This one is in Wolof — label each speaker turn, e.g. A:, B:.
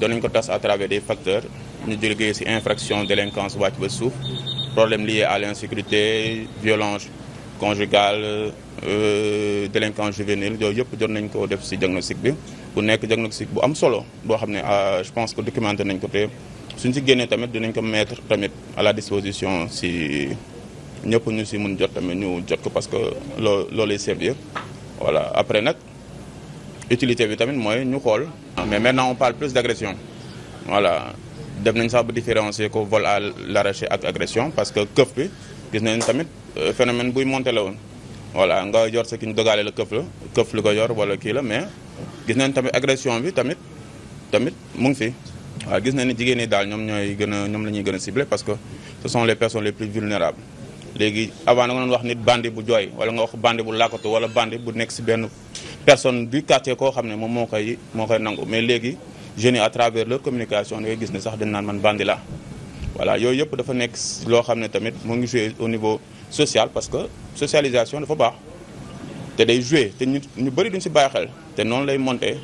A: danañ ko tas à travers des facteurs ñu jógee ci infraction délinquance wàcc ba suuf problème lié à l'insécurité violence conjugale euh, délinquance juvénile yooyu yëpp jot nañ ko def ci diagnostic bi bu nekk diagnostic bu am solo boo xam ne ah, je pense que documenté nañ ko te suñ ci génnee tamit dinañ ko mettre tamit à la disposition ci ñëpp ñu ci mun jot tamit ñu jot ko parce que loo loolay servir voilà après nag utilité bi tamit mooy ñu xool. mais maintenant on parle plus d' agression voilà def nañ sax ba différencier ko vol à l'arraché ak agression parce que këf bi gis nañ tamit euh, phénomène buy monté la woon. voilà nga yor sa ki ñu dogaale la këf la këf lu ko yor wala kii la mais gis nañ tamit agression bi tamit tamit mu ngi fi. waaw gis nañ ni jigéen ñi daal ñoom ñooy gën a ñoom la ñuy gën a ciblé parce que ce sont les personnes les plus vulnérables léegi avant nga doon wax nit bandi bu jooy wala nga wax bandi bu làkkatu wala bandi bu nekk si benn personne du quartier koo xam ne moom moo koy moo koy nangu mais léegi jeunes à travers leur communication da ngay gis ne sax dañ naan man bandi la voilà yooyu yëpp dafa nekk loo xam ne tamit moo ngi joué au niveau social parce que socialisation dafa baax te day joué te ñu ñu bëri duñ si bàyyi te noonu lay monté